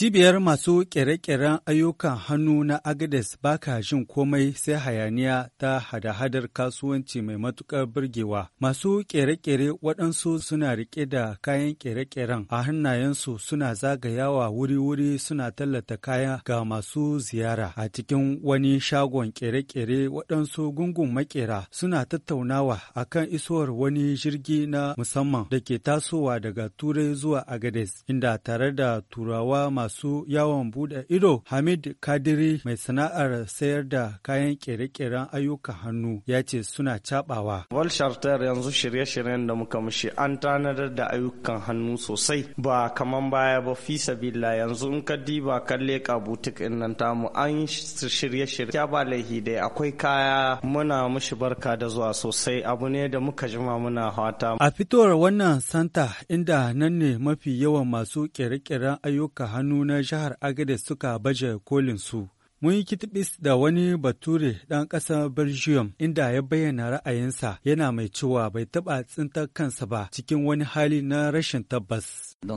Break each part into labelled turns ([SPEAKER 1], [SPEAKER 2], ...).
[SPEAKER 1] Cibiyar masu ƙere-ƙeren ayyukan hannu na Agades ba ka jin komai sai hayaniya ta hada-hadar kasuwanci mai matuƙar birgewa. Masu ƙere-ƙere waɗansu suna riƙe da kayan ƙere-ƙeren a hannayensu suna zagayawa wuri-wuri suna tallata kaya ga masu ziyara. A cikin wani shagon ƙere-ƙere waɗansu gungun maƙera suna tattaunawa a kan isowar wani jirgi na musamman da ke tasowa daga Turai zuwa Agades, inda tare da Turawa masu masu yawon bude ido Hamid Kadiri mai sana'ar sayar da kayan kere-keren ayyukan hannu ya ce suna cabawa.
[SPEAKER 2] Wal Charter yanzu shirye-shiryen da muka mushi an tanadar da ayyukan hannu sosai ba kamar baya ba fi sabila yanzu in ka diba kalle ka butik in nan tamu an shirye-shirye ya ba laihi dai akwai kaya muna mushi barka da zuwa sosai abu ne da muka jima muna hata. A
[SPEAKER 1] fitowar wannan santa inda nan ne mafi yawan masu kere-keren ayyukan hannu na jihar Agadez suka baje kolin su. Mun yi kitibis da wani bature dan ƙasar Belgium inda ya bayyana ra'ayinsa yana mai cewa bai taɓa tsintar kansa ba cikin wani hali na rashin tabbas. Euh,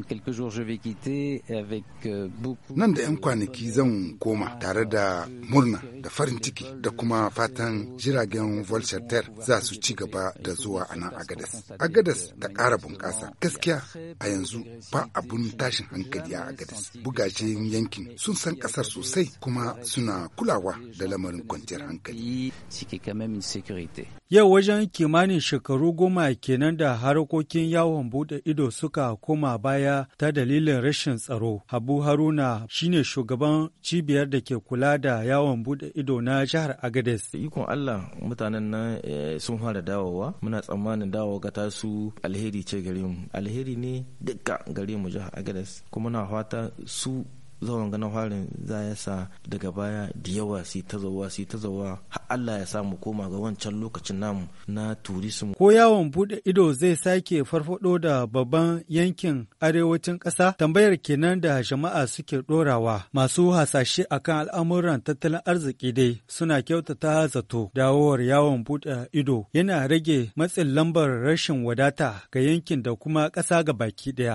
[SPEAKER 3] nan da 'yan kwanaki zan koma tare da murna da farin ciki da kuma fatan jiragen Volcherter za su ci gaba da zuwa a nan Agadas. Agadas ta ƙara bunƙasa. Gaskiya a yanzu ba abun tashin hankali a Agadas. Bugajen yankin sun san ƙasar sosai kuma suna kulawa da lamarin kwanciyar hankali.
[SPEAKER 1] Yau wajen kimanin shekaru goma kenan da harkokin yawon bude ido suka koma baya ta dalilin rashin tsaro. Habu Haruna shine shugaban cibiyar da ke kula da yawon bude ido na jihar Agades. Ikon Allah mutanen nan eh, sun fara dawowa muna tsammanin
[SPEAKER 4] dawowa ga tasu alheri ce gare mu. Alheri ne duka gare mu jihar Agades kuma na fata su zuwan ganin halin za ya sa daga baya da yawa su ta zawa su ta zawa Allah ya samu koma ga wancan lokacin namu na turism. Ko
[SPEAKER 1] yawon bude ido zai sake farfado da babban yankin arewacin ƙasa tambayar kenan da jama'a suke ɗorawa masu hasashe akan al'amuran tattalin arziki dai suna kyautata zato dawowar yawon bude ido yana rage matsin lambar rashin wadata ga yankin da kuma ƙasa ga baki ɗaya.